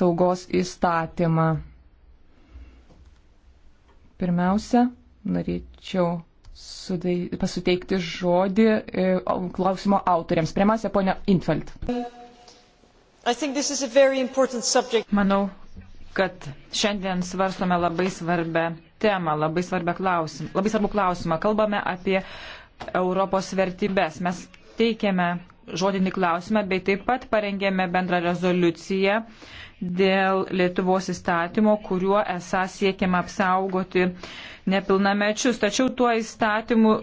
saugos įstatymą. Pirmiausia, norėčiau sudai, pasuteikti žodį e, klausimo autoriams. Pirmiausia, ponia Infeld. Manau, kad šiandien svarstome labai svarbę temą, labai, klausimą, labai svarbų klausimą. Kalbame apie Europos vertybės. Mes teikiame žodinį klausimą, bei taip pat parengėme bendrą rezoliuciją dėl Lietuvos įstatymo, kuriuo esą siekiama apsaugoti nepilnamečius. Tačiau tuo įstatymu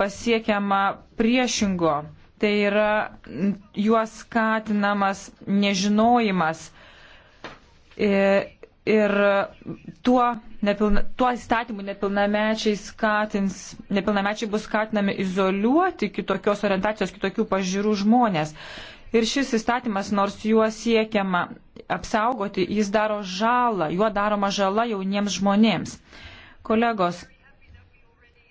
pasiekiama priešingo. Tai yra juos skatinamas nežinojimas. E, ir tuo, nepilna, tuo įstatymu nepilnamečiai, skatins, nepilnamečiai bus skatinami izoliuoti kitokios orientacijos, kitokių pažiūrų žmonės. Ir šis įstatymas, nors juo siekiama apsaugoti, jis daro žalą, juo daroma žala jauniems žmonėms. Kolegos,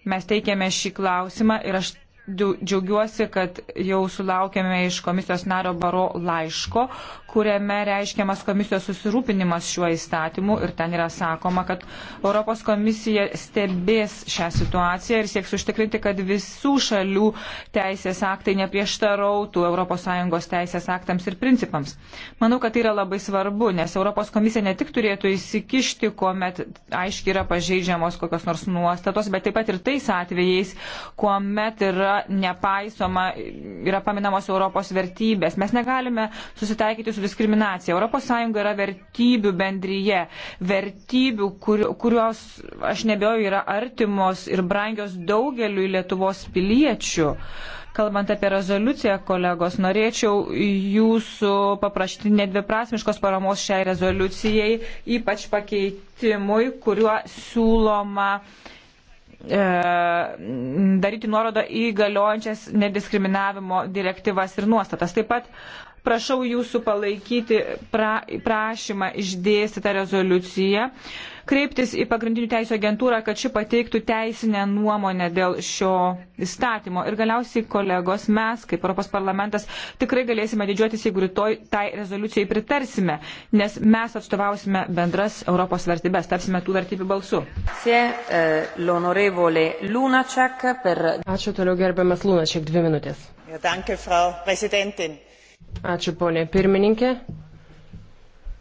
mes teikėme šį klausimą ir aš džiaugiuosi, kad jau sulaukėme iš komisijos nario Baro laiško, kuriame reiškiamas komisijos susirūpinimas šiuo įstatymu ir ten yra sakoma, kad Europos komisija stebės šią situaciją ir sieks užtikrinti, kad visų šalių teisės aktai neprieštarautų ES teisės aktams ir principams. Manau, kad tai yra labai svarbu, nes Europos komisija ne tik turėtų įsikišti, kuomet aiškiai yra pažeidžiamos kokios nors nuostatos, bet taip pat ir tais atvejais, kuomet yra yra nepaisoma, yra paminamos Europos vertybės. Mes negalime susitaikyti su diskriminacija. ES yra vertybių bendryje, vertybių, kur, kurios, aš nebejoju, yra artimos ir brangios daugeliu Lietuvos piliečių. Kalbant apie rezoliuciją, kolegos, norėčiau jūsų paprašyti nedviprasmiškos paramos šiai rezoliucijai, ypač pakeitimui, kuriuo siūloma uh, E, daryti nuorodą į galiojančias nediskriminavimo direktyvas ir nuostatas. Taip pat prašau jūsų palaikyti pra, prašymą išdėstytą rezoliuciją, uh, kreiptis į pagrindinių teisų agentūrą, kad ši pateiktų teisinę nuomonę dėl šio įstatymo. Ir galiausiai, kolegos, mes, kaip Europos parlamentas, tikrai galėsime didžiuotis, jeigu rytoj tai rezoliucijai pritarsime, nes mes atstovausime bendras Europos vertybės, tapsime tų vertybių balsu. Eh, Ačiū toliau gerbiamas Lunačiak, dvi minutės. Ja, danke, Ačiū ponė pirmininkė.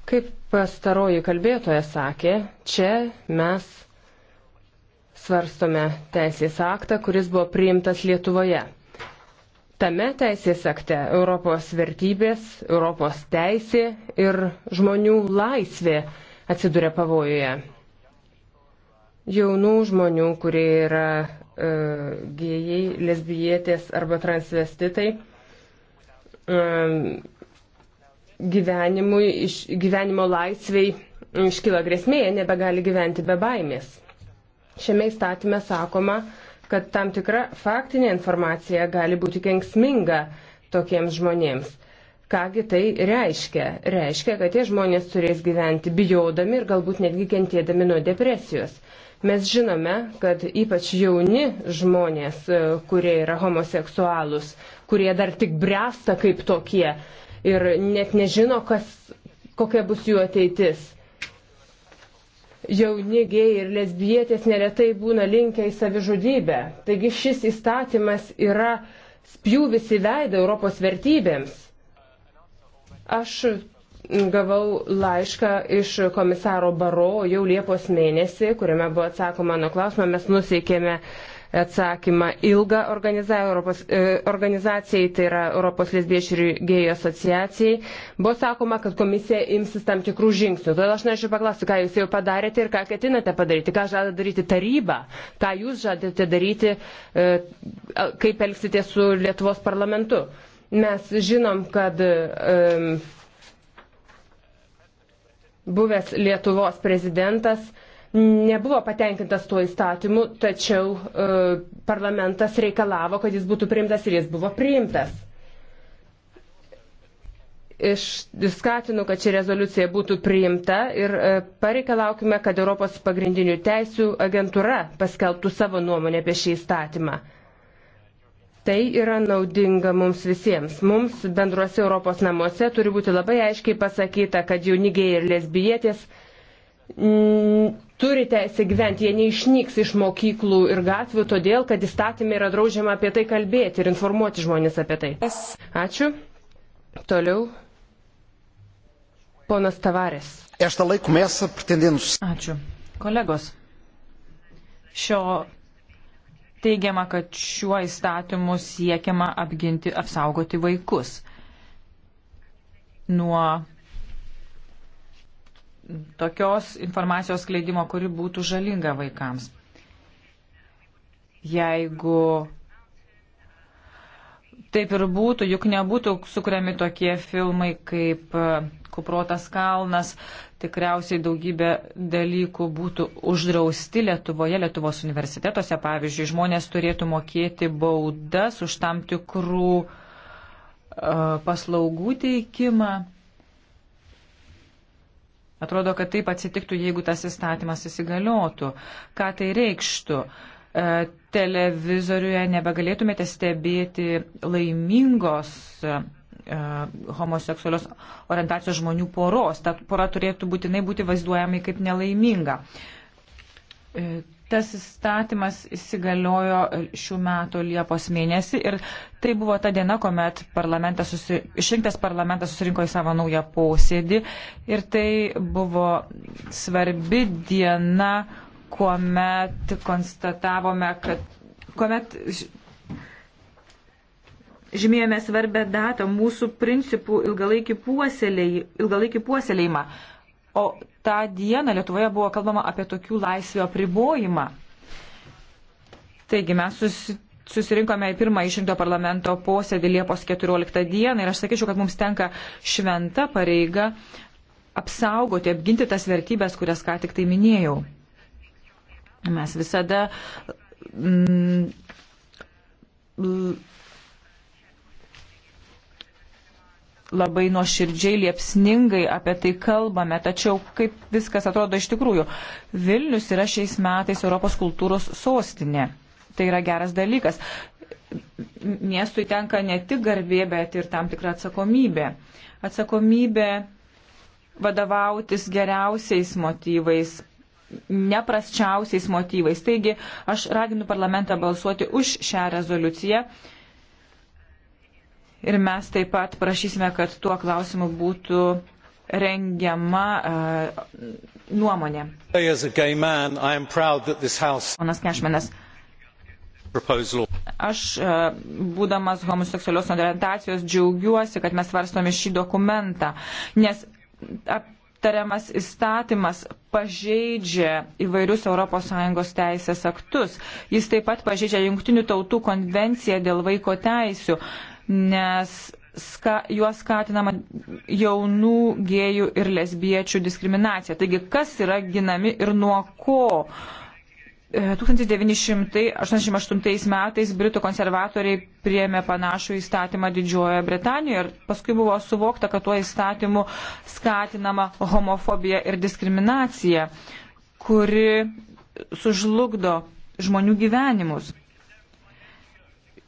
Kaip pastaroji kalbėtoja sakė, čia mes svarstome teisės aktą, kuris buvo priimtas Lietuvoje. Tame teisės akte Europos vertybės, Europos teisė ir žmonių laisvė atsiduria pavojuje. Jaunų žmonių, kurie yra e, gėjai, lesbijietės arba transvestitai, e, gyvenimui, iš, gyvenimo laisviai iškyla grėsmė, jie nebegali gyventi be baimės. Šiame įstatyme sakoma, kad tam tikra faktinė informacija gali būti kenksminga tokiems žmonėms. Kągi tai reiškia? Reiškia, kad tie žmonės turės gyventi bijodami ir galbūt netgi kentėdami nuo depresijos. Mes žinome, kad ypač jauni žmonės, e, kurie yra homoseksualūs, kurie dar tik bręsta kaip tokie, ir net nežino, kas, kokia bus jų ateitis. Jauni gėjai ir lesbietės neretai būna linkę į savižudybę. Taigi šis įstatymas yra spjūvis į veidą Europos vertybėms. Aš gavau laišką iš komisaro Baro jau Liepos mėnesį, kuriame buvo atsakoma mano klausimą, mes nusikėme uh, atsakymą ilgą Europos, e, organizacijai, tai yra Europos lesbiečių ir gėjų asociacijai. Buvo sakoma, kad komisija imsis tam tikrų žingsnių. Todėl aš norėčiau paklausti, ką jūs jau padarėte ir ką ketinate padaryti, ką žada daryti taryba, ką jūs žadate daryti, e, kaip elgsite su Lietuvos parlamentu. Mes žinom, kad um, buvęs Lietuvos prezidentas uh, nebuvo patenkintas tuo įstatymu, tačiau e, parlamentas reikalavo, kad jis būtų priimtas ir jis buvo priimtas. Iš skatinu, kad ši rezoliucija būtų priimta ir e, pareikalaukime, kad Europos pagrindinių teisių agentūra paskelbtų savo nuomonę apie šį įstatymą. Tai yra naudinga mums visiems. Mums bendruose Europos namuose turi būti labai aiškiai pasakyta, kad jaunigėjai ir lesbietės turi teisę gyventi, jie neišnyks iš mokyklų ir gatvių, todėl kad įstatymė yra draudžiama apie tai kalbėti ir informuoti žmonės apie tai. Ačiū. Toliau. Ponas Tavarės. Ačiū. Kolegos, šio teigiama, kad šiuo įstatymu siekiama apginti, apsaugoti vaikus nuo tokios informacijos skleidimo, kuri būtų žalinga vaikams. Jeigu taip ir būtų, juk nebūtų sukuriami tokie filmai kaip e, Kuprotas kalnas, tikriausiai daugybė dalykų būtų uždrausti Lietuvoje, Lietuvos universitetuose, pavyzdžiui, žmonės turėtų mokėti baudas už tam tikrų uh, paslaugų teikimą. Atrodo, kad taip atsitiktų, jeigu tas įstatymas įsigaliotų. Ką tai reikštų? E, televizoriuje nebegalėtumėte stebėti laimingos e, homoseksualios orientacijos žmonių poros. Ta pora turėtų būtinai būti vaizduojami kaip nelaiminga. E, tas įstatymas įsigaliojo šių metų Liepos mėnesį ir tai buvo ta diena, kuomet parlamentas susi... išrinktas parlamentas susirinko į savo naują posėdį ir tai buvo svarbi diena, kuomet konstatavome, kad kuomet žymėjome svarbę datą mūsų principų ilgalaikį puoselėjimą. O tą dieną Lietuvoje buvo kalbama apie tokių laisvių apribojimą. Taigi mes susitikome susirinkome į pirmą išrinkto parlamento posėdį Liepos 14 dieną ir aš sakyčiau, kad mums tenka šventa pareiga apsaugoti, apginti tas vertybės, kurias ką tik tai minėjau. Mes visada mm, labai nuoširdžiai, liepsningai apie tai kalbame, tačiau kaip viskas atrodo iš tikrųjų. Vilnius yra šiais metais Europos kultūros sostinė. Tai yra geras dalykas. Miestui tenka ne tik garbė, bet ir tam tikra atsakomybė. Atsakomybė vadovautis geriausiais motyvais, neprasčiausiais motyvais. Taigi aš raginu parlamentą balsuoti už šią rezoliuciją Ir mes taip pat prašysime, kad tuo klausimu būtų rengiama uh, nuomonė. Ponas Kešmenas. Aš, e, būdamas homoseksualios orientacijos, džiaugiuosi, kad mes varstome šį dokumentą, nes aptariamas įstatymas pažeidžia įvairius ES teisės aktus. Jis taip pat pažeidžia Junktinių tautų konvenciją dėl vaiko teisių. Uh, nes ska, juos skatinama jaunų gėjų ir lesbiečių diskriminacija. Taigi, kas yra ginami ir nuo ko? 1988 e, metais Britų konservatoriai priėmė panašų įstatymą Didžiojoje Britanijoje ir paskui buvo suvokta, kad tuo įstatymu skatinama homofobija ir diskriminacija, kuri sužlugdo žmonių gyvenimus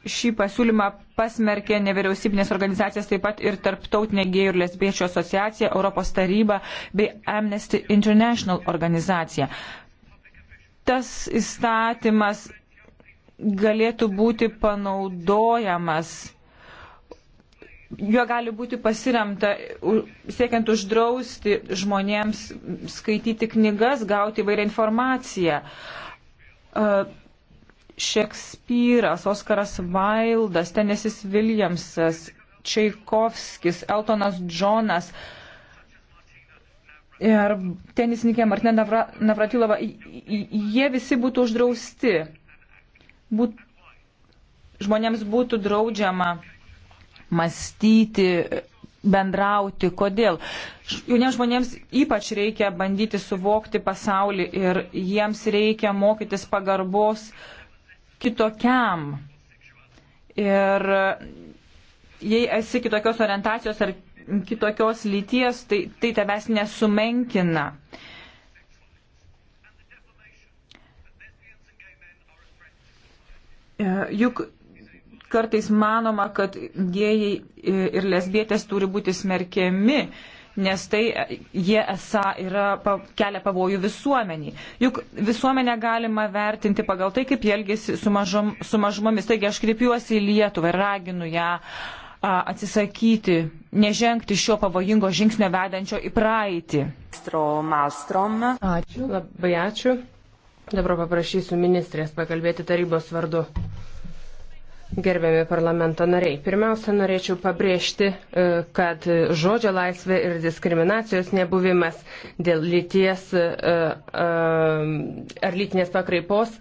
šį pasiūlymą pasmerkė nevyriausybinės organizacijas, taip pat ir Tarptautinė gėjų ir lesbiečių asociacija, Europos taryba bei Amnesty International organizacija. Tas įstatymas galėtų būti panaudojamas. Juo gali būti pasiremta, siekiant uždrausti žmonėms skaityti knygas, gauti įvairią informaciją. Uh, Šekspyras, Oskaras Vaildas, Tenesis Williamsas, Čaikovskis, Eltonas Džonas ir tenisininkė Martina Navra, Navratilova, jie visi būtų uždrausti. Būt, žmonėms būtų draudžiama mąstyti, bendrauti. Kodėl? Jauniems žmonėms ypač reikia bandyti suvokti pasaulį ir jiems reikia mokytis pagarbos uh, kitokiam. Ir jei esi kitokios orientacijos ar kitokios lyties, tai, tai tavęs nesumenkina. E, juk kartais manoma, kad gėjai ir lesbietės turi būti smerkiami, nes tai jie esą yra, kelia pavojų visuomeniai. Juk visuomenę galima vertinti pagal tai, kaip jie elgesi su, mažom, su mažumomis. Taigi aš kreipiuosi į Lietuvą ir raginu ją atsisakyti, nežengti šio pavojingo žingsnio vedančio į praeitį. Ačiū, labai ačiū. Dabar paprašysiu ministrės pakalbėti tarybos vardu. Gerbiami parlamento nariai, pirmiausia, norėčiau pabrėžti, e, kad žodžio laisvė ir diskriminacijos nebuvimas dėl lyties e, e, ar lytinės pakraipos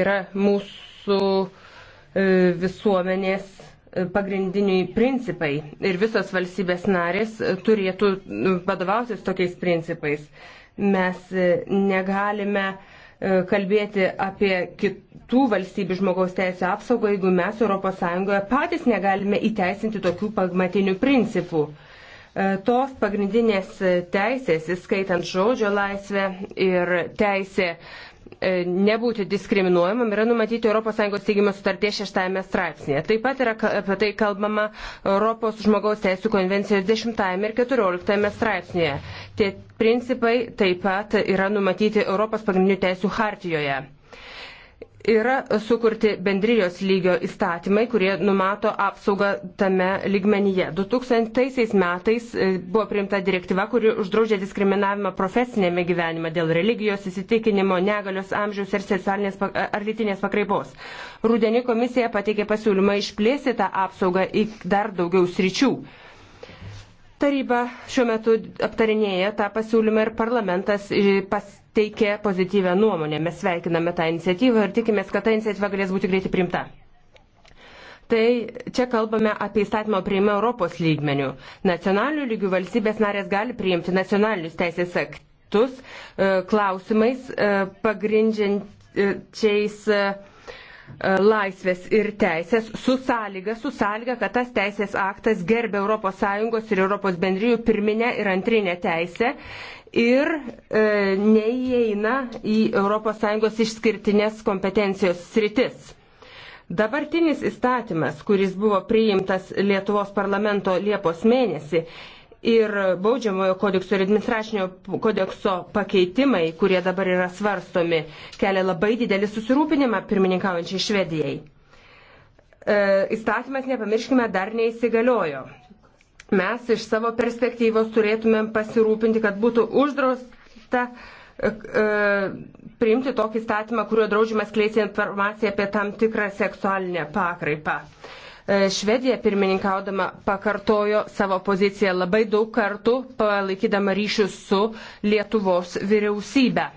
yra mūsų visuomenės pagrindiniai principai ir visos valstybės narės turėtų vadovautis tokiais principais. Mes negalime kalbėti apie kit, tų valstybių žmogaus teisų apsaugą, jeigu mes ES patys negalime įteisinti tokių pamatinių principų. E, tos pagrindinės teisės, įskaitant žodžio laisvę ir teisė e, nebūti diskriminuojamam yra numatyti ES teigimo sutarties šeštame straipsnėje. Taip pat yra apie tai kalbama Europos žmogaus teisų konvencijos dešimtajame ir keturioliktame straipsnėje. Tie principai taip pat yra numatyti Europos pagrindinių teisų hartijoje yra sukurti bendrijos lygio įstatymai, kurie numato apsaugą tame lygmenyje. 2000 metais e, buvo priimta direktyva, kuri uždraudžia diskriminavimą profesinėme gyvenime dėl religijos, įsitikinimo, negalios, amžiaus ir seksualinės ar lytinės pakraipos. Rūdienį komisija pateikė pasiūlymą išplėsti tą apsaugą į dar daugiau sričių. Taryba šiuo metu aptarinėja tą pasiūlymą ir parlamentas e, pas, teikė pozityvę nuomonę. Mes sveikiname tą iniciatyvą ir tikimės, kad ta iniciatyva galės būti greitai primta. Tai čia kalbame apie įstatymo prieimą Europos lygmenių. Nacionalinių lygių valstybės narės gali priimti nacionalinius teisės aktus e, klausimais e, pagrindžiančiais e, laisvės ir teisės su sąlyga, su sąlyga, kad tas teisės aktas gerbė ES ir ES bendrijų pirminę ir antrinę teisę ir e, neįeina į ES išskirtinės kompetencijos sritis. Dabartinis įstatymas, kuris buvo priimtas Lietuvos parlamento Liepos mėnesį, ir baudžiamojo kodekso ir administracinio kodekso pakeitimai, kurie dabar yra svarstomi, kelia labai didelį susirūpinimą pirmininkaujančiai Švedijai. E, įstatymas, nepamirškime, dar neįsigaliojo mes iš savo perspektyvos turėtumėm pasirūpinti, kad būtų uždrausta e, e, priimti tokį statymą, kuriuo draudžiamas kleisti informaciją apie tam tikrą seksualinę pakraipą. E, Švedija pirmininkaudama pakartojo savo poziciją labai daug kartų, palaikydama ryšius su Lietuvos vyriausybė.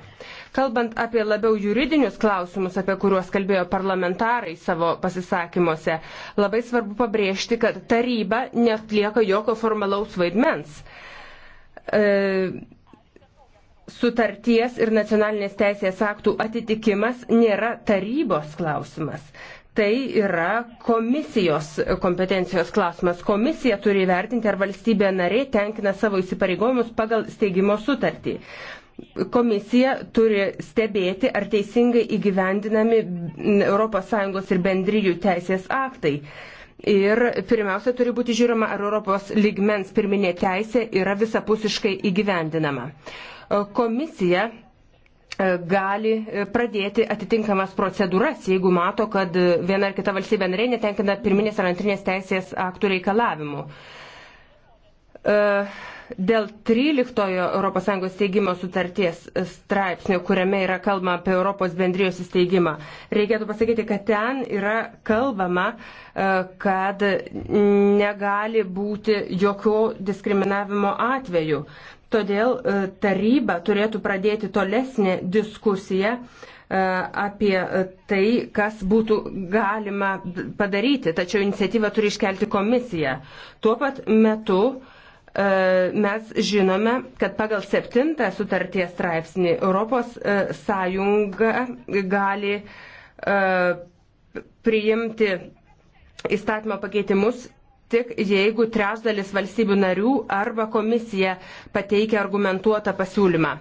Kalbant apie labiau juridinius klausimus, apie kuriuos kalbėjo parlamentarai savo pasisakymuose, labai svarbu pabrėžti, kad taryba netlieka jokio formalaus vaidmens. E, sutarties ir nacionalinės teisės aktų atitikimas nėra tarybos klausimas. Tai yra komisijos kompetencijos klausimas. Komisija turi vertinti, ar valstybė narė tenkina savo įsipareigojimus pagal steigimo sutartį. Komisija turi stebėti, ar teisingai įgyvendinami ES ir bendryjų teisės aktai. Ir pirmiausia, turi būti žiūrima, ar Europos lygmens pirminė teisė yra visapusiškai įgyvendinama. Komisija e, gali pradėti atitinkamas procedūras, jeigu mato, kad viena ar kita valstybė nariai netenkina pirminės ar antrinės teisės aktų reikalavimų. E, dėl 13 ES steigimo sutarties straipsnio, kuriame yra kalbama apie Europos bendrijos įsteigimą, reikėtų pasakyti, kad ten yra kalbama, e, kad negali būti jokio diskriminavimo atveju. Todėl e, taryba turėtų pradėti tolesnę diskusiją apie tai, kas būtų galima padaryti, tačiau iniciatyvą turi iškelti komisija. Tuo pat metu uh, E, mes žinome, kad pagal septintą sutarties straipsnį Europos e, sąjunga gali e, priimti įstatymo pakeitimus tik jeigu trečdalis valstybių narių arba komisija pateikia argumentuotą pasiūlymą.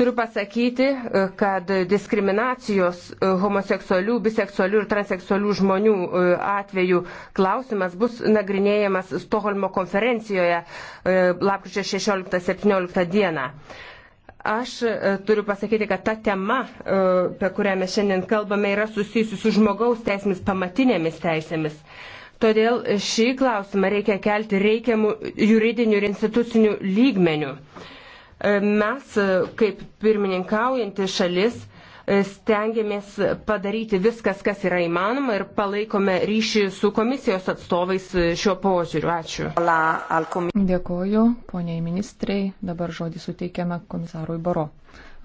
Turiu pasakyti, e, kad diskriminacijos e, homoseksualių, biseksualių ir transeksualių žmonių e, atveju klausimas bus nagrinėjamas Stoholmo konferencijoje lapkričio 16-17 dieną. Aš turiu pasakyti, kad ta tema, apie kurią mes šiandien kalbame, yra susijusi su žmogaus teisėmis, pamatinėmis teisėmis. Todėl šį klausimą reikia kelti reikiamų juridinių ir institucinių lygmenių. Mes, e, kaip pirmininkaujanti šalis, e, stengiamės padaryti viskas, kas yra įmanoma ir palaikome ryšį su komisijos atstovais e, šiuo požiūriu. Ačiū. Dėkoju, poniai ministrei. Dabar žodį suteikiame komisarui Baro.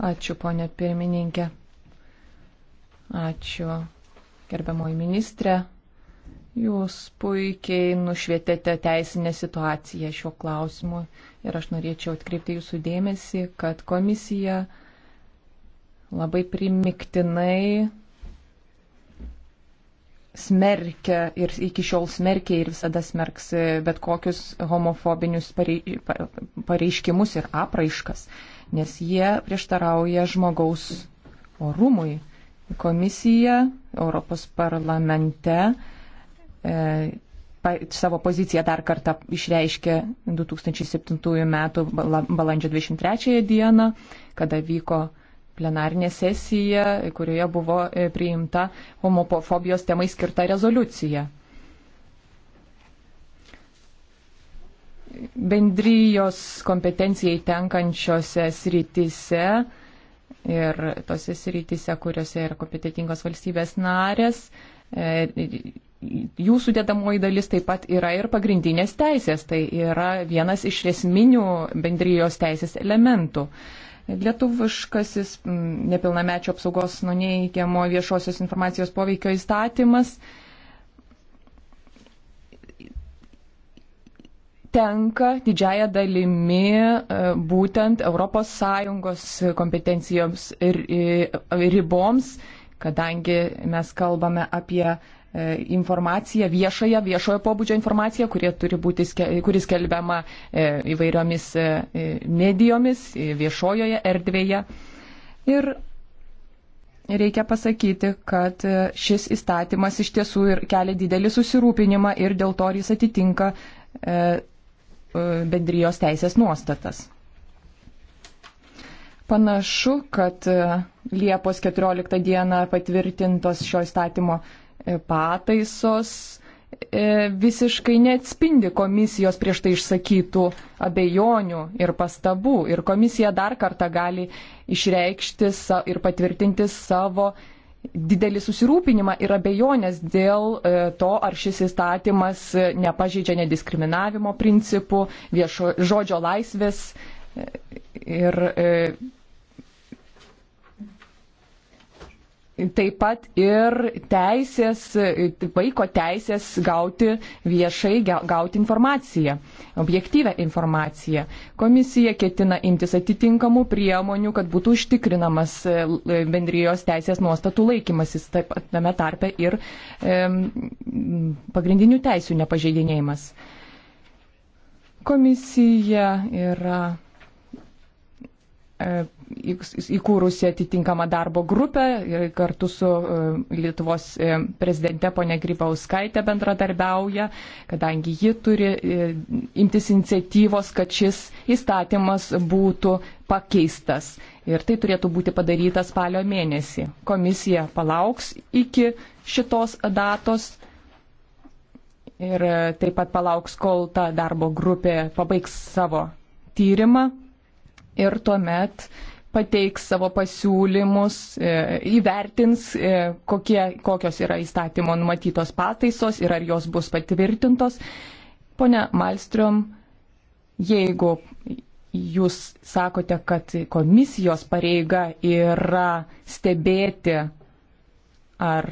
Ačiū, ponė pirmininkė. Ačiū, gerbiamoji ministrė. Jūs puikiai nušvietėte teisinę situaciją šiuo klausimu ir aš norėčiau atkreipti jūsų dėmesį, kad komisija labai primiktinai smerkia ir iki šiol smerkia ir visada smerks bet kokius homofobinius pareiškimus ir apraiškas, nes jie prieštarauja žmogaus orumui. Komisija Europos parlamente E, savo poziciją dar kartą išreiškė 2007 m. balandžio 23 d., kada vyko plenarinė sesija, kurioje buvo e, priimta homofobijos temai skirta rezoliucija. Bendrijos kompetencijai tenkančiose srityse ir tose srityse, kuriuose yra kompetitingos valstybės narės, e, jų sudėdamoji dalis taip pat yra ir pagrindinės teisės, tai yra vienas iš esminių bendrijos teisės elementų. Lietuviškasis nepilnamečio apsaugos nuo neįkiamo viešosios informacijos poveikio įstatymas tenka didžiaja dalimi e, būtent ES kompetencijoms ir riboms, kadangi mes kalbame apie E, informaciją, viešąją, viešojo pobūdžio informaciją, būti, kuri skelbiama e, įvairiomis e, medijomis, viešojoje erdvėje. Ir reikia pasakyti, kad šis įstatymas iš tiesų ir kelia didelį susirūpinimą ir dėl to jis atitinka bendrijos teisės nuostatas. Panašu, kad Liepos 14 dieną patvirtintos šio įstatymo pataisos e, visiškai neatspindi komisijos prieš tai išsakytų abejonių ir pastabų. Ir komisija dar kartą gali išreikšti ir patvirtinti savo didelį susirūpinimą ir abejonės dėl e, to, ar šis įstatymas nepažeidžia nediskriminavimo principų, viešo žodžio laisvės e, ir taip pat ir teisės, vaiko teisės gauti viešai, gauti informaciją, objektyvę informaciją. Komisija ketina imtis atitinkamų priemonių, kad būtų užtikrinamas e, bendrijos teisės nuostatų laikymasis, taip pat tame tarpe ir e, pagrindinių teisų nepažeidinėjimas. Komisija yra e, įkūrusi atitinkamą darbo grupę ir kartu su e, Lietuvos e, prezidente ponė Grybauskaitė bendradarbiauja, kadangi ji turi e, imtis iniciatyvos, kad šis įstatymas būtų pakeistas. Ir tai turėtų būti padaryta spalio mėnesį. Komisija palauks iki šitos datos ir taip pat palauks, kol ta darbo grupė pabaigs savo tyrimą ir tuomet pateiks savo pasiūlymus, e, įvertins, e, kokie, kokios yra įstatymo numatytos pataisos ir ar jos bus patvirtintos. Pone Malstrom, jeigu jūs sakote, kad komisijos pareiga yra stebėti, ar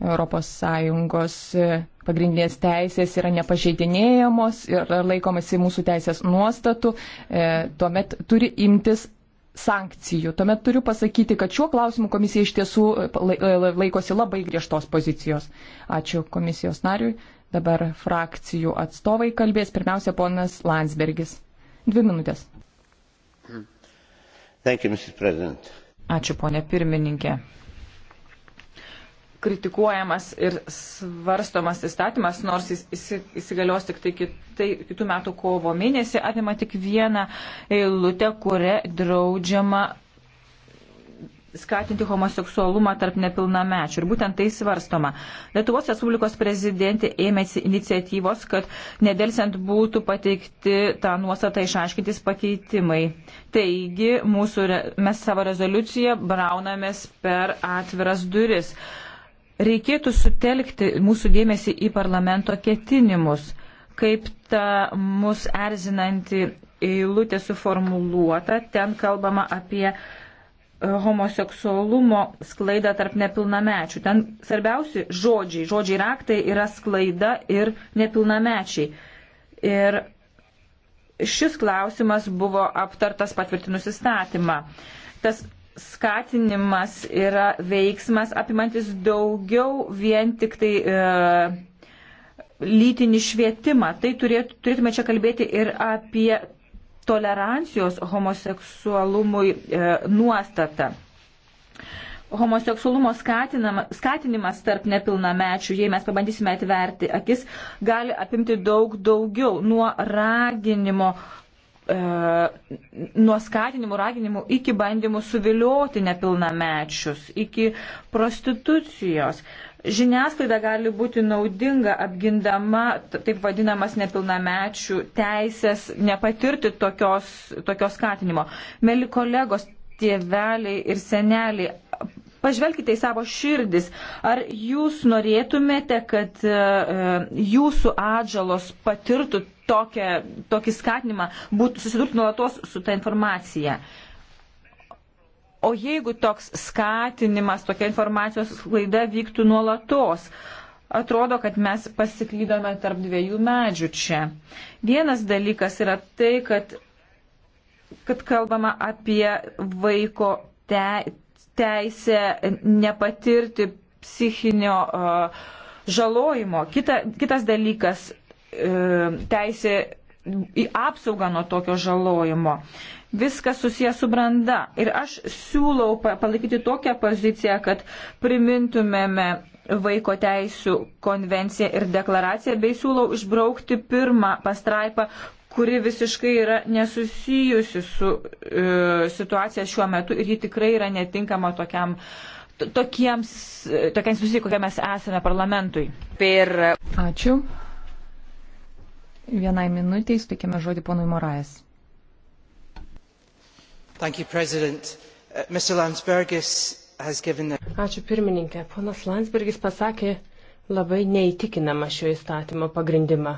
ES e, pagrindinės teisės yra nepažeidinėjamos ir laikomasi mūsų teisės nuostatų, e, tuomet turi imtis sankcijų. Tuomet turiu pasakyti, kad šiuo klausimu komisija iš tiesų e, laikosi labai griežtos pozicijos. Ačiū komisijos nariui. Dabar frakcijų atstovai kalbės. Pirmiausia, ponas Landsbergis. Dvi minutės. Thank you, Ačiū, ponė pirmininkė kritikuojamas ir svarstomas įstatymas, nors jis įsigalios tik tai kitai, kitų metų kovo mėnesį, apima tik vieną eilutę, kuria draudžiama skatinti homoseksualumą tarp nepilnamečių. Ir būtent tai svarstoma. Lietuvos Respublikos prezidentė ėmėsi iniciatyvos, kad nedelsiant būtų pateikti tą nuostatą išaiškintis pakeitimai. Taigi, mūsų, mes savo rezoliuciją braunamės per atviras duris. Uh, Reikėtų sutelkti mūsų dėmesį į parlamento ketinimus, kaip ta mus erzinanti eilutė suformuluota, ten kalbama apie e, homoseksualumo sklaidą tarp nepilnamečių. Ten svarbiausi žodžiai, žodžiai raktai yra sklaida ir nepilnamečiai. Ir šis klausimas buvo aptartas patvirtinus įstatymą. Tas skatinimas yra veiksmas apimantis daugiau vien tik tai e, lytinį švietimą. Tai turėt, turėtume čia kalbėti ir apie tolerancijos homoseksualumui e, nuostatą. Homoseksualumo skatinimas tarp nepilnamečių, jei mes pabandysime atverti akis, gali apimti daug daugiau nuo raginimo E, nuo skatinimų, raginimų iki bandymų suvilioti nepilnamečius, iki prostitucijos. Žiniasklaida gali būti naudinga apgindama taip vadinamas nepilnamečių teisės nepatirti tokios, tokios skatinimo. Meli kolegos, tėveliai ir seneliai, pažvelkite į savo širdis. Ar jūs norėtumėte, kad e, jūsų atžalos patirtų tokią, tokį skatinimą būtų susidurti nuolatos su ta informacija. O jeigu toks skatinimas, tokia informacijos klaida vyktų nuolatos, atrodo, kad mes pasiklydome tarp dviejų medžių čia. Vienas dalykas yra tai, kad, kad kalbama apie vaiko te, teisę nepatirti psichinio uh, žalojimo. Kita, kitas dalykas E, teisė į apsaugą nuo tokio žalojimo. Viskas susijęs su branda. Ir aš siūlau palaikyti tokią poziciją, kad primintumėme vaiko teisų konvenciją ir deklaraciją, bei siūlau išbraukti pirmą pastraipą, kuri visiškai yra nesusijusi su e, situacija šiuo metu ir ji tikrai yra netinkama tokiam. Tokiems, e, tokiems susikokėms esame parlamentui. Per... Ačiū. Vienai minutiai sutikime žodį ponui Morais. You, uh, given... Ačiū pirmininkė. Ponas Landsbergis pasakė labai neįtikinamą šio įstatymo pagrindimą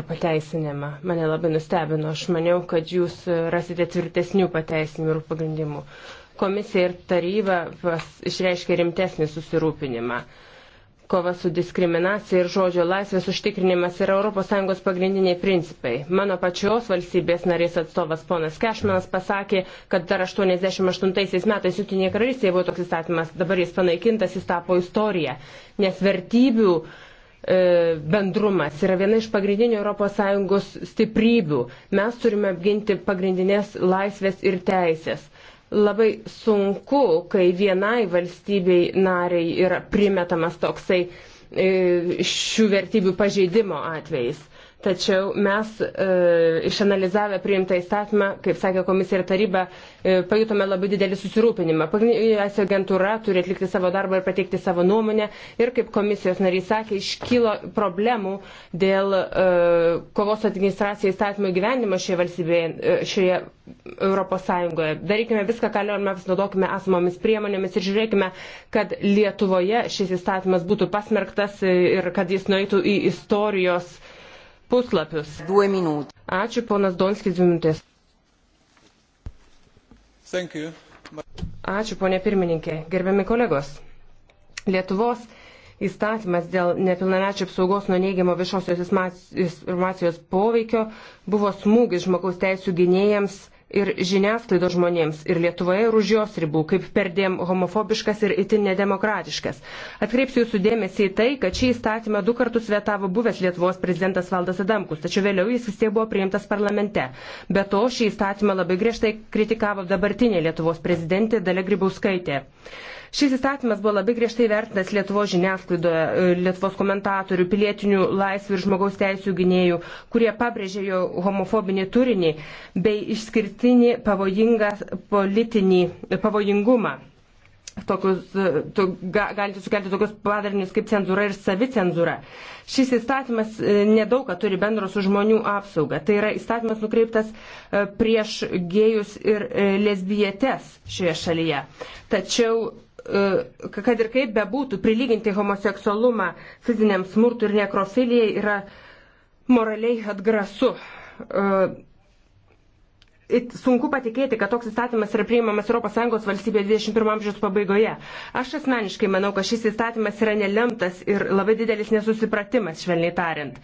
ar pateisinimą. Mane labai nustebino. Aš maniau, kad jūs rasite tvirtesnių pateisinimų ir pagrindimų. Komisija ir taryba pas, išreiškė rimtesnį susirūpinimą. Uh, kova su diskriminacija ir žodžio laisvės užtikrinimas yra ES pagrindiniai principai. Mano pačios valstybės narės atstovas ponas Kešmanas pasakė, kad dar 88 metais Jutinėje karalystėje buvo toks įstatymas, dabar jis panaikintas, jis tapo istorija, nes vertybių e, bendrumas yra viena iš pagrindinių ES stiprybių. Mes turime apginti pagrindinės laisvės ir teisės. Labai sunku, kai vienai valstybei nariai yra primetamas toksai e, šių vertybių pažeidimo atvejais. Tačiau mes e, išanalizavę priimtą įstatymą, kaip sakė komisija ir taryba, e, pajutome labai didelį susirūpinimą. Pagrindinės agentūra turi atlikti savo darbą ir pateikti savo nuomonę. Ir kaip komisijos nariai sakė, iškylo problemų dėl e, kovos administracijos įstatymų gyvenimo šioje valstybėje, e, šioje Europos Sąjungoje. Darykime viską, ką galime, pasinaudokime esamomis priemonėmis ir žiūrėkime, kad Lietuvoje šis įstatymas būtų pasmerktas e, ir kad jis nueitų į istorijos puslapius. Dvi minutės. Ačiū, ponas Donskis, dvi minutės. Ačiū, ponė pirmininkė. Gerbiami kolegos. Lietuvos įstatymas dėl nepilnamečio apsaugos nuo neigiamo viešosios informacijos poveikio buvo smūgis žmogaus teisų gynėjams ir žiniasklaido žmonėms, ir Lietuvoje, ir už jos ribų, kaip perdėm homofobiškas ir itin nedemokratiškas. Atkreipsiu jūsų dėmesį į tai, kad šį įstatymą du kartus vetavo buvęs Lietuvos prezidentas Valdas Adamkus, tačiau vėliau jis vis tiek buvo priimtas parlamente. Be to, šį įstatymą labai griežtai kritikavo dabartinė Lietuvos prezidentė Dalia Grybauskaitė. Šis įstatymas buvo labai griežtai vertintas Lietuvos žiniasklaidoje, Lietuvos komentatorių, pilietinių laisvių ir žmogaus teisų gynėjų, kurie pabrėžė jo homofobinį turinį bei išskirtinį pavojingą politinį pavojingumą tokius, e, to, ga, galinti sukelti tokius padarinius kaip cenzūra ir savicenzūra. Šis įstatymas e, nedaug ką turi bendro su žmonių apsauga. Tai yra įstatymas nukreiptas e, prieš gėjus ir lesbietes šioje šalyje. Tačiau E, kad ir kaip bebūtų, prilyginti homoseksualumą fiziniam smurtui ir nekrofilijai yra moraliai atgrasu. E, sunku patikėti, kad toks įstatymas yra priimamas ES valstybėje 21 amžiaus pabaigoje. Aš asmeniškai manau, kad šis įstatymas yra nelemtas ir labai didelis nesusipratimas, švelniai tariant.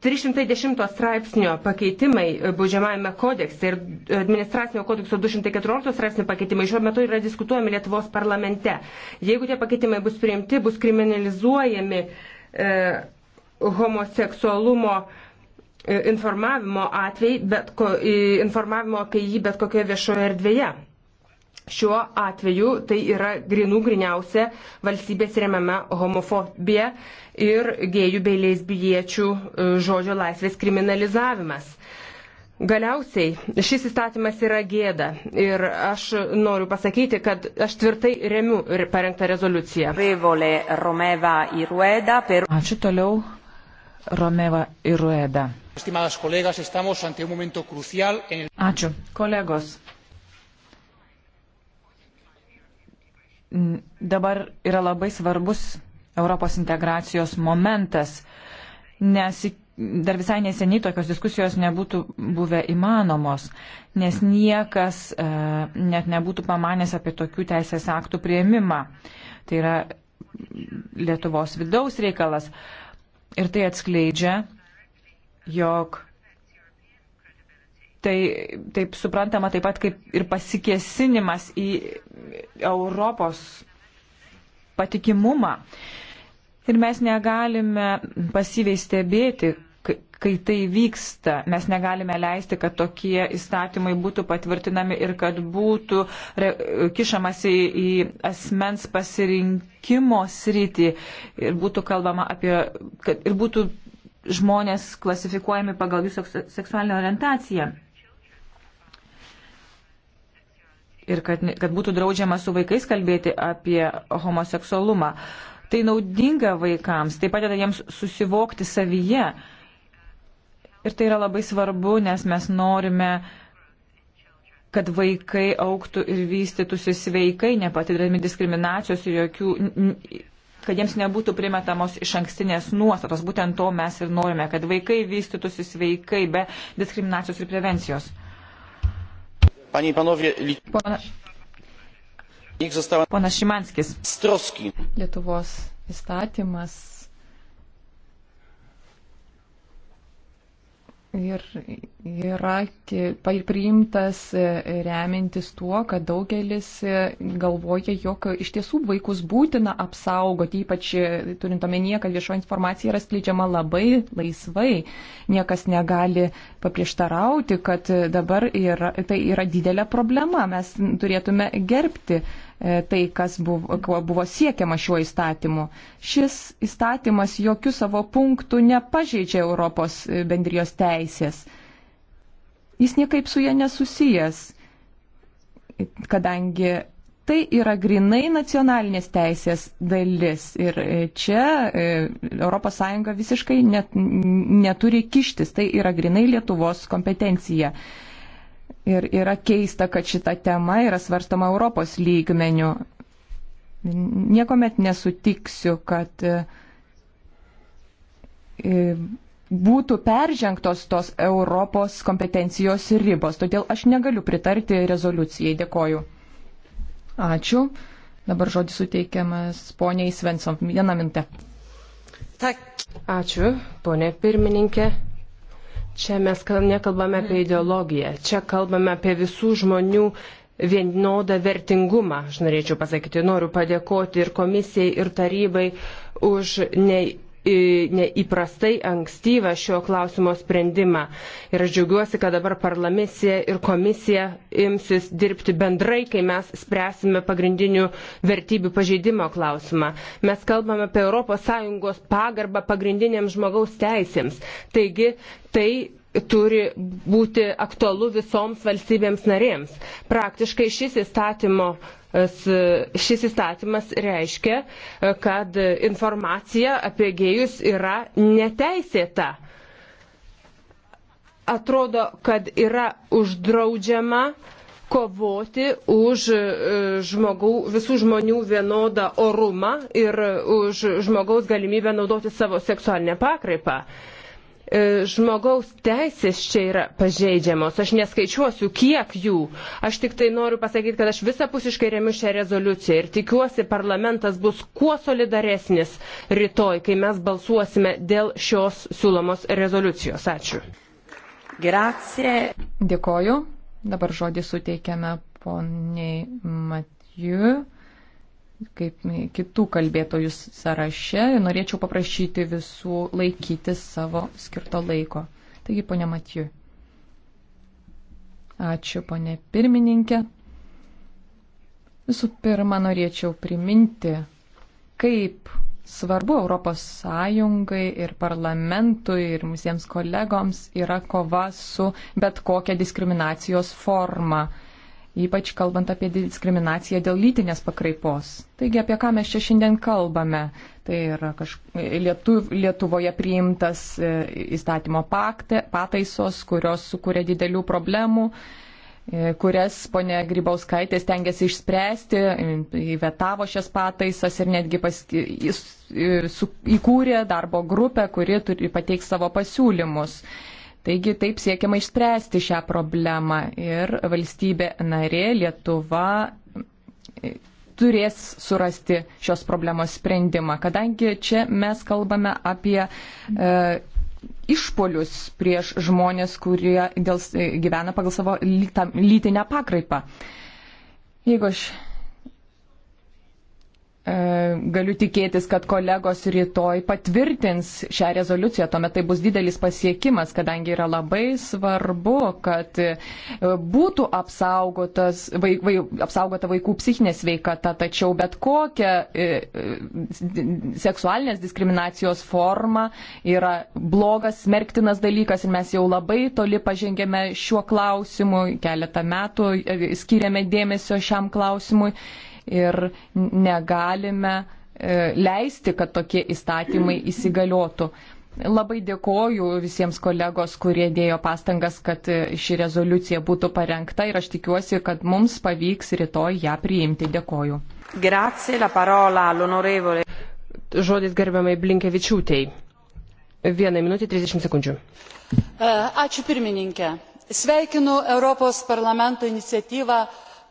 310 e, straipsnio pakeitimai e, baudžiamajame kodekse ir e, administracinio kodekso 214 straipsnio pakeitimai šiuo metu yra diskutuojami Lietuvos parlamente. Jeigu tie pakeitimai bus priimti, bus kriminalizuojami e, homoseksualumo informavimo atvejai, informavimo apie jį bet kokioje viešoje erdvėje. Šiuo atveju tai yra grinų griniausia valstybės remiama homofobija ir gėjų bei lesbiečių e, žodžio laisvės kriminalizavimas. Galiausiai šis įstatymas yra gėda ir aš noriu pasakyti, kad aš tvirtai remiu parengtą rezoliuciją. Ačiū toliau, Romeva Irueda. Ačiū, kolegos. dabar yra labai svarbus Europos integracijos momentas, nes dar visai neseniai tokios diskusijos nebūtų buvę įmanomos, nes niekas e, net nebūtų pamanęs apie tokių teisės aktų prieimimą. Tai yra Lietuvos vidaus reikalas. Ir tai atskleidžia, jog tai taip suprantama taip pat kaip ir pasikėsinimas į Europos patikimumą. Ir mes negalime pasyviai stebėti, kai tai vyksta. Mes negalime leisti, kad tokie įstatymai būtų patvirtinami ir kad būtų kišamasi į asmens pasirinkimo sritį ir būtų kalbama apie, kad ir būtų žmonės klasifikuojami pagal jų seksualinę orientaciją. ir kad, kad būtų draudžiama su vaikais kalbėti apie homoseksualumą. Tai naudinga vaikams, tai padeda jiems susivokti savyje. Ir tai yra labai svarbu, nes mes norime, kad vaikai auktų ir vystytųsi sveikai, nepatirdami diskriminacijos ir jokių, kad jiems nebūtų primetamos iš ankstinės nuostatos. Būtent to mes ir norime, kad vaikai vystytųsi sveikai be diskriminacijos ir prevencijos. Panie i panowie, Ponas Šimanskis. Lietuvos įstatymas Ir yra priimtas e, remintis tuo, kad daugelis e, galvoja, jog iš tiesų vaikus būtina apsaugoti, ypač e, turint omenyje, kad viešo informacija yra skleidžiama labai laisvai. Niekas negali paprieštarauti, kad dabar yra, tai yra didelė problema. Mes turėtume gerbti E, tai, kas buvo, buvo siekiama šiuo įstatymu. Šis įstatymas jokių savo punktų nepažeidžia Europos e, bendrijos teisės. Jis niekaip su jie nesusijęs, kadangi tai yra grinai nacionalinės teisės dalis. Ir e, čia ES visiškai net, neturi kištis, tai yra grinai Lietuvos kompetencija. Ir yra keista, kad šita tema yra svarstama Europos lygmeniu. Niekuomet nesutiksiu, kad e, būtų peržengtos tos Europos kompetencijos ribos. Todėl aš negaliu pritarti rezoliucijai. Dėkoju. Ačiū. Dabar žodis suteikiamas poniai Svensson. Vieną mintę. Tak. Ačiū, ponė pirmininkė. Čia mes nekalbame apie ideologiją, čia kalbame apie visų žmonių vienodą vertingumą, aš norėčiau pasakyti. Noriu padėkoti ir komisijai, ir tarybai už nei neįprastai ankstyvą šio klausimo sprendimą. Ir aš džiaugiuosi, kad dabar parlamisija ir komisija imsis dirbti bendrai, kai mes spręsime pagrindinių vertybių pažeidimo klausimą. Mes kalbame apie ES pagarbą pagrindiniams žmogaus teisėms. Taigi tai turi būti aktualu visoms valstybėms narėms. Praktiškai šis įstatymo e, šis įstatymas reiškia, e, kad informacija apie gėjus yra neteisėta. Atrodo, kad yra uždraudžiama kovoti už e, žmogų, visų žmonių vienodą orumą ir už žmogaus galimybę naudoti savo seksualinę pakraipą. Uh, E, žmogaus teisės čia yra pažeidžiamos. Aš neskaičiuosiu, kiek jų. Aš tik tai noriu pasakyti, kad aš visapusiškai remiu šią rezoliuciją ir tikiuosi, parlamentas bus kuo solidaresnis rytoj, kai mes balsuosime dėl šios siūlomos rezoliucijos. Ačiū. Grazie. Dėkoju. Dabar žodį suteikiame poniai Matijui kaip kitų kalbėtojų sąraše. Norėčiau paprašyti visų laikytis savo skirto laiko. Taigi, ponė Matiju. Ačiū, ponė pirmininkė. Visų pirma, norėčiau priminti, kaip svarbu Europos Sąjungai ir parlamentui ir visiems kolegoms yra kova su bet kokia diskriminacijos forma ypač kalbant apie diskriminaciją dėl lytinės pakraipos. Taigi, apie ką mes čia šiandien kalbame? Tai yra kažk... Lietuv... Lietuvoje priimtas e, įstatymo paktė, pataisos, kurios sukuria didelių problemų e, kurias ponė Grybauskaitė stengiasi išspręsti, e, įvetavo šias pataisas ir netgi paski, jis, su, įkūrė darbo grupę, kuri turi pateiks savo pasiūlymus. Taigi taip siekiama išspręsti šią problemą ir valstybė narė Lietuva e, turės surasti šios problemos sprendimą, kadangi čia mes kalbame apie e, išpolius prieš žmonės, kurie dėl, e, gyvena pagal savo lytinę pakraipą. Jeigu aš E, galiu tikėtis, kad kolegos rytoj patvirtins šią rezoliuciją, tuomet tai bus didelis pasiekimas, kadangi yra labai svarbu, kad e, būtų vaik, vai, apsaugota vaikų psichinė sveikata, tačiau bet kokia e, seksualinės diskriminacijos forma yra blogas, smerktinas dalykas ir mes jau labai toli pažengėme šiuo klausimu, keletą metų skiriame dėmesio šiam klausimui ir negalime e, leisti, kad tokie įstatymai įsigaliotų. Labai dėkoju visiems kolegos, kurie dėjo pastangas, kad e, ši rezoliucija būtų parengta ir aš tikiuosi, kad mums pavyks rytoj ją priimti. Dėkoju. Grazie, la parola, Žodis gerbiamai Blinkevičiūtei. Vieną minutę 30 sekundžių. E, ačiū pirmininkė. Sveikinu Europos parlamento iniciatyvą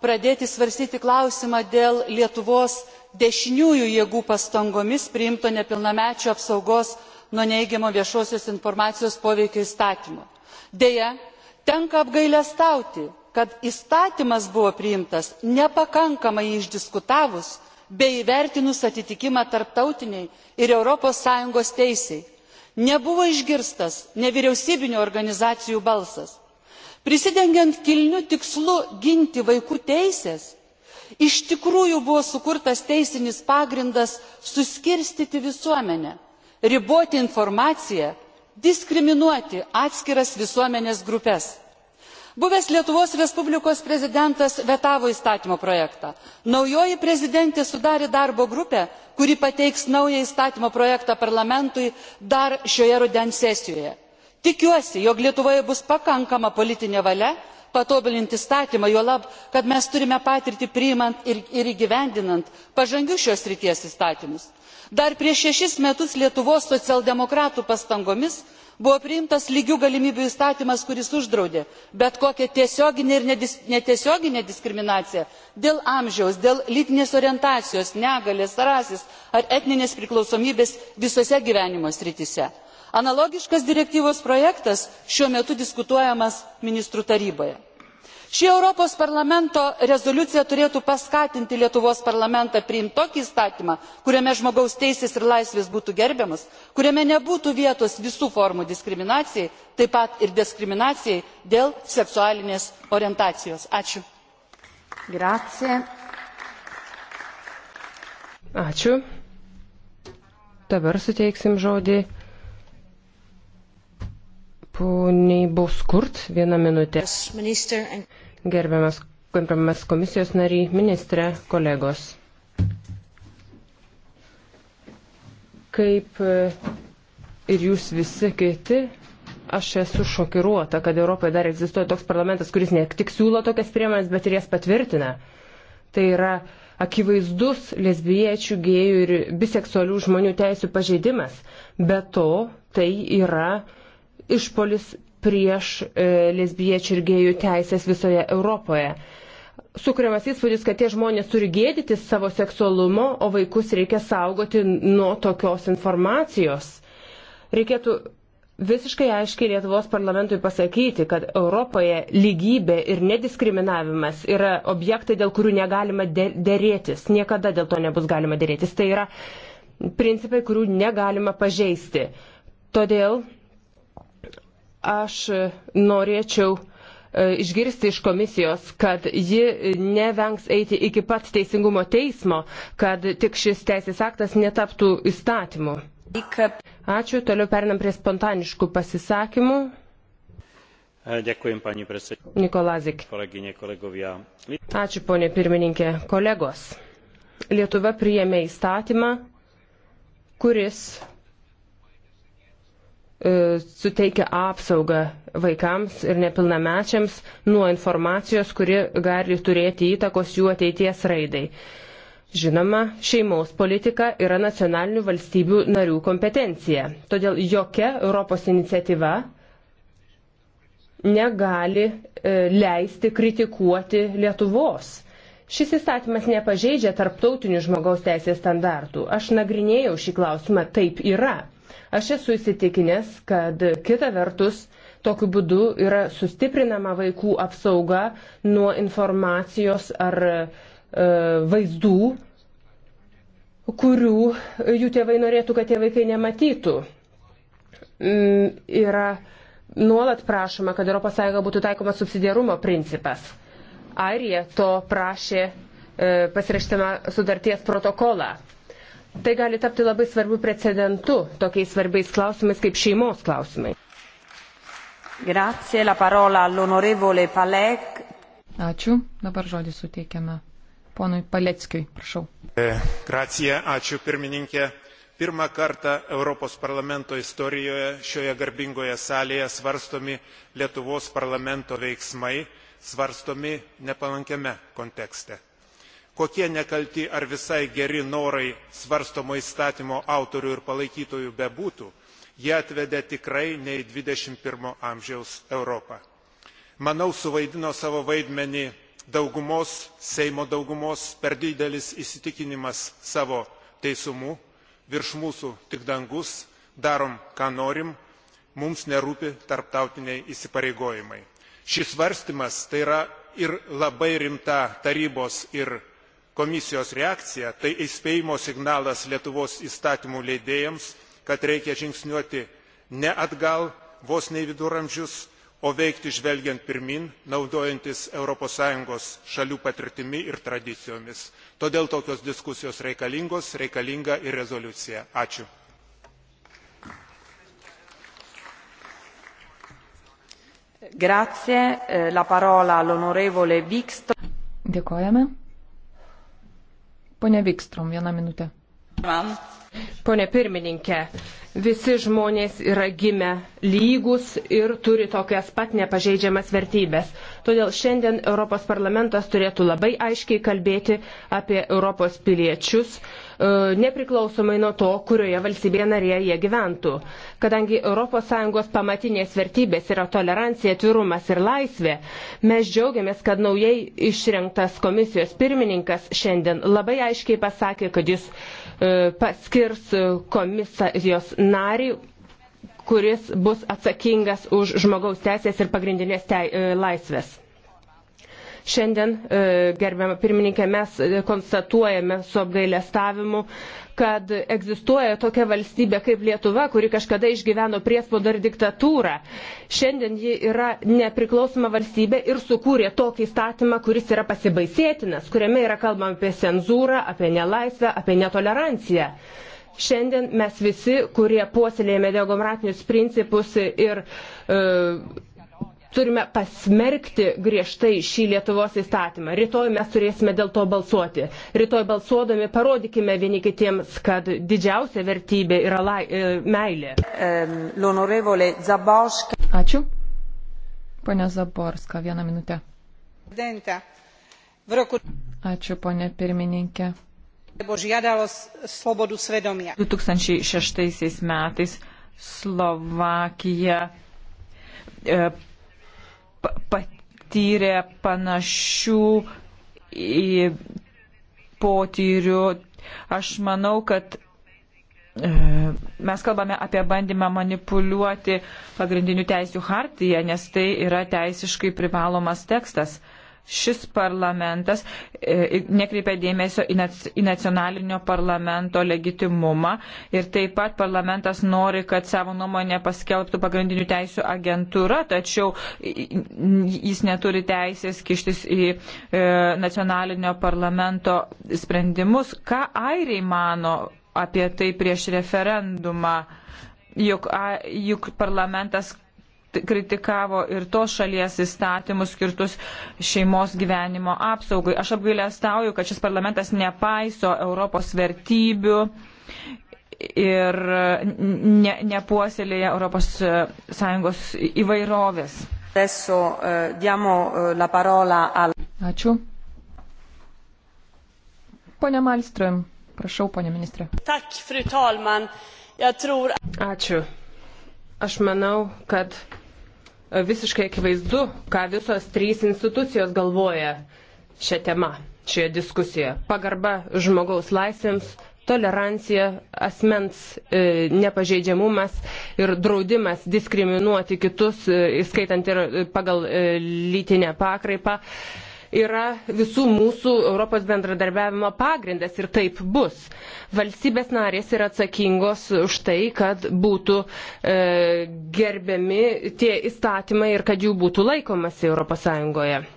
pradėti svarstyti klausimą dėl lietuvos dešiniųjų jėgų pastangomis priimto nepilnamečių apsaugos nuo neigiamo viešosios informacijos poveikio įstatymo. deja tenka apgailestauti kad įstatymas buvo priimtas nepakankamai jį išdiskutavus bei įvertinus atitikimą tarptautinei ir europos sąjungos teisei. nebuvo išgirstas nevyriausybinių organizacijų balsas prisidengiant kilniu tikslu ginti vaikų teisės, iš tikrųjų buvo sukurtas teisinis pagrindas suskirstyti visuomenę, riboti informaciją, diskriminuoti atskiras visuomenės grupės. Buvęs Lietuvos Respublikos prezidentas vetavo įstatymo projektą. Naujoji prezidentė sudarė darbo grupę, kuri pateiks naują įstatymo projektą parlamentui dar šioje rudens sesijoje tikiuosi jog lietuvoje bus pakankama politinė valia patobulinti įstatymą juolab kad mes turime patirtį priimant ir įgyvendinant pažangius šios srities įstatymus. dar prieš šešis metus lietuvos socialdemokratų pastangomis buvo priimtas lygių galimybių įstatymas kuris uždraudė bet kokią tiesioginę ir netiesioginę diskriminaciją dėl amžiaus dėl lytinės orientacijos negalės rasės ar etninės priklausomybės visose gyvenimo srityse analogiškas direktyvos projektas šiuo metu diskutuojamas ministrų taryboje. ši europos parlamento rezoliucija turėtų paskatinti lietuvos parlamentą priimti tokį įstatymą kuriame žmogaus teisės ir laisvės būtų gerbiamos kuriame nebūtų vietos visų formų diskriminacijai taip pat ir diskriminacijai dėl seksualinės orientacijos. ačiū. Grazie. Ačiū. Dabar suteiksim žodį Pūniai bus kurt vieną minutę. Gerbiamas, gerbiamas komisijos nariai, ministrė, kolegos. Kaip e, ir jūs visi kiti, aš esu šokiruota, kad Europoje dar egzistuoja toks parlamentas, kuris ne tik siūlo tokias priemonės, bet ir jas patvirtina. Tai yra akivaizdus lesbiečių, gėjų ir biseksualių žmonių teisų pažeidimas. Be to, tai yra uh, išpolis prieš e, lesbiečių ir gėjų teisės visoje Europoje. Sukuriamas įspūdis, kad tie žmonės turi gėdytis savo seksualumo, o vaikus reikia saugoti nuo tokios informacijos. Reikėtų visiškai aiškiai Lietuvos parlamentui pasakyti, kad Europoje lygybė ir nediskriminavimas yra objektai, dėl kurių negalima dėrėtis. Niekada dėl to nebus galima dėrėtis. Tai yra principai, kurių negalima pažeisti. Todėl Aš norėčiau e, išgirsti iš komisijos, kad ji nevengs eiti iki pat teisingumo teismo, kad tik šis teisės aktas netaptų įstatymu. Ačiū, toliau perinam prie spontaniškų pasisakymų. E, Dėkuojam, pani prezidentė. Nikolazik. Koleginė, kolegovia. Ačiū, ponė pirmininkė. Kolegos, Lietuva priėmė įstatymą, kuris E, suteikia apsaugą vaikams ir nepilnamečiams nuo informacijos, kuri gali turėti įtakos jų ateities raidai. Žinoma, šeimos politika yra nacionalinių valstybių narių kompetencija. Todėl jokia Europos iniciatyva negali e, leisti kritikuoti Lietuvos. Šis įstatymas nepažeidžia tarptautinių žmogaus teisės standartų. Aš nagrinėjau šį klausimą, taip yra. Aš esu įsitikinęs, kad kita vertus tokiu būdu yra sustiprinama vaikų apsauga nuo informacijos ar e, vaizdų, kurių jų tėvai norėtų, kad tie vaikai nematytų. Mm, yra nuolat prašoma, kad ES būtų taikomas subsidiarumo principas. Airija to prašė e, pasirašytama sudarties protokolą. Tai gali tapti labai svarbių precedentų tokiais svarbiais klausimais kaip šeimos klausimai. Grazie, la parola all'onorevole Palek. Ačiū, dabar žodį suteikiame ponui Paleckiui, prašau. E, grazie, ačiū pirmininkė. Pirmą kartą Europos parlamento istorijoje šioje garbingoje salėje svarstomi Lietuvos parlamento veiksmai, svarstomi nepalankiame kontekste kokie nekalti ar visai geri norai svarstomo įstatymo autorių ir palaikytojų bebūtų jie atvedė tikrai ne į dvidešimt pirmo amžiaus europą. manau suvaidino savo vaidmenį daugumos seimo daugumos per didelis įsitikinimas savo teisumu virš mūsų tik dangus darom ką norim mums nerūpi tarptautiniai įsipareigojimai. šis svarstymas tai yra ir labai rimta tarybos ir komisijos reakcija tai įspėjimo signalas Lietuvos įstatymų leidėjams, kad reikia žingsniuoti ne atgal vos nei viduramžius, o veikti žvelgiant pirmin, naudojantis ES šalių patirtimi ir tradicijomis. Todėl tokios diskusijos reikalingos, reikalinga ir rezoliucija. Ačiū. Grazie, eh, la parola all'onorevole Vikstrom. Dėkojame. Pone Vikstrom, vieną minutę. Man. Pone pirmininkė, Visi žmonės yra gimę lygus ir turi tokias pat nepažeidžiamas vertybės. Todėl šiandien Europos parlamentas turėtų labai aiškiai kalbėti apie Europos piliečius, e, nepriklausomai nuo to, kurioje valstybėje narėje jie gyventų. Kadangi ES pamatinės vertybės yra tolerancija, atvirumas ir laisvė, mes džiaugiamės, kad naujai išrinktas komisijos pirmininkas šiandien labai aiškiai pasakė, kad jis E, paskirs komisarijos narį, kuris bus atsakingas už žmogaus teisės ir pagrindinės tei, e, laisvės. Šiandien, e, gerbiamą pirmininkę, mes e, konstatuojame su apgailestavimu, kad egzistuoja tokia valstybė kaip Lietuva, kuri kažkada išgyveno priespaudą ir diktatūrą. Šiandien ji yra nepriklausoma valstybė ir sukūrė tokį įstatymą, kuris yra pasibaisėtinas, kuriame yra kalbama apie cenzūrą, apie nelaisvę, apie netoleranciją. Šiandien mes visi, kurie puoselėjame demokratinius principus ir e, turime pasmerkti griežtai šį Lietuvos įstatymą. Rytoj mes turėsime dėl to balsuoti. Rytoj balsuodami parodykime vieni kitiems, kad didžiausia vertybė yra lai, e, meilė. Ačiū. Pone Zaborska, vieną minutę. Ačiū, ponė pirmininkė. 2006 metais Slovakija e, patyrė panašių potyrių. Aš manau, kad e, mes kalbame apie bandymą manipuliuoti pagrindinių teisių hartiją, nes tai yra teisiškai privalomas tekstas šis parlamentas e, nekreipia dėmesio į nacionalinio parlamento legitimumą ir taip pat parlamentas nori, kad savo nuomonę paskelbtų pagrindinių teisų agentūra, tačiau jis neturi teisės kištis į e, nacionalinio parlamento sprendimus. Ką airiai mano apie tai prieš referendumą? Juk, juk parlamentas kritikavo ir tos šalies įstatymus skirtus šeimos gyvenimo apsaugai. Aš apgailestauju, kad šis parlamentas nepaiso Europos vertybių ir ne, nepuoselėja ES įvairovės. Eh, eh, Ačiū. Pone Malström, prašau, pone ministrė. Tak, fru talman. Ačiū. Aš manau, kad E, visiškai akivaizdu, ką visos trys institucijos galvoja šią temą, šioje diskusijoje. Pagarba žmogaus laisvėms, tolerancija, asmens e, nepažeidžiamumas ir draudimas diskriminuoti kitus, e, įskaitant ir e, pagal e, lytinę pakraipą. E, yra visų mūsų Europos bendradarbiavimo pagrindas ir taip bus. Valstybės narės yra atsakingos už tai, kad būtų e, gerbiami tie įstatymai ir kad jų būtų laikomasi ES.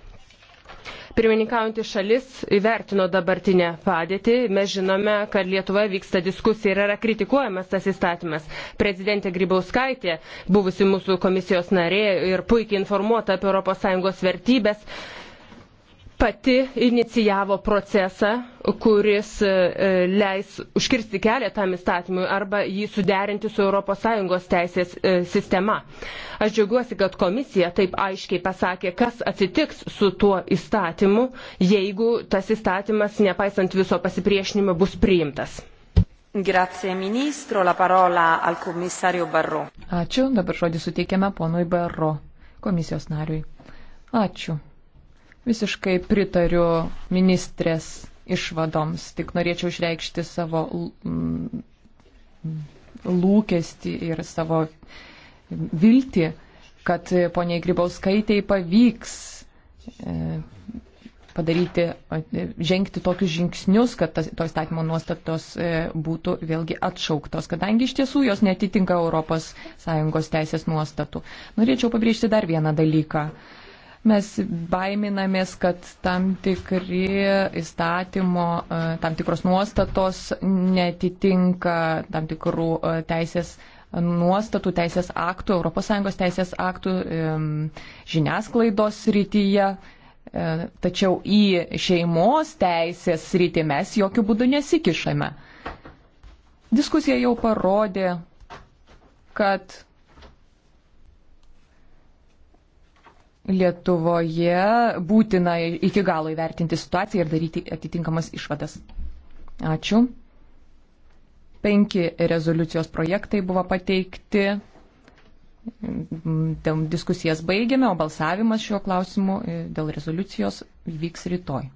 Pirmininkaujantį šalis įvertino dabartinę padėtį. Mes žinome, kad Lietuvoje vyksta diskusija ir yra kritikuojamas tas įstatymas. Prezidentė Grybauskaitė, buvusi mūsų komisijos narė ir puikiai informuota apie ES vertybės, pati inicijavo procesą, kuris e, leis užkirsti kelią tam įstatymui arba jį suderinti su ES teisės e, sistema. Aš džiaugiuosi, kad komisija taip aiškiai pasakė, kas atsitiks su tuo įstatymu, jeigu tas įstatymas, nepaisant viso pasipriešinimo, bus priimtas. Grazie, ministro. La parola al commissario Barro. Ačiū. Dabar žodį suteikiame ponui Barro, komisijos nariui. Ačiū. Visiškai pritariu ministrės išvadoms, tik norėčiau išreikšti savo mm, lūkesti ir savo viltį, kad poniai Grybauskaitėjai pavyks e, padaryti, e, žengti tokius žingsnius, kad tas, to įstatymo nuostatos e, būtų vėlgi atšauktos, kadangi iš tiesų jos netitinka ES teisės nuostatų. Norėčiau pabrėžti dar vieną dalyką. Mes baiminamės, kad tam, tikri įstatymo, e, tam tikros nuostatos netitinka tam tikrų e, teisės nuostatų, teisės aktų, ES teisės aktų žiniasklaidos rytyje. E, tačiau į šeimos teisės rytį mes jokių būdų nesikišame. Diskusija jau parodė, kad Lietuvoje būtina iki galo įvertinti situaciją ir daryti atitinkamas išvadas. Ačiū. Penki rezoliucijos projektai buvo pateikti. Dėl diskusijas baigėme, o balsavimas šiuo klausimu dėl rezoliucijos vyks rytoj.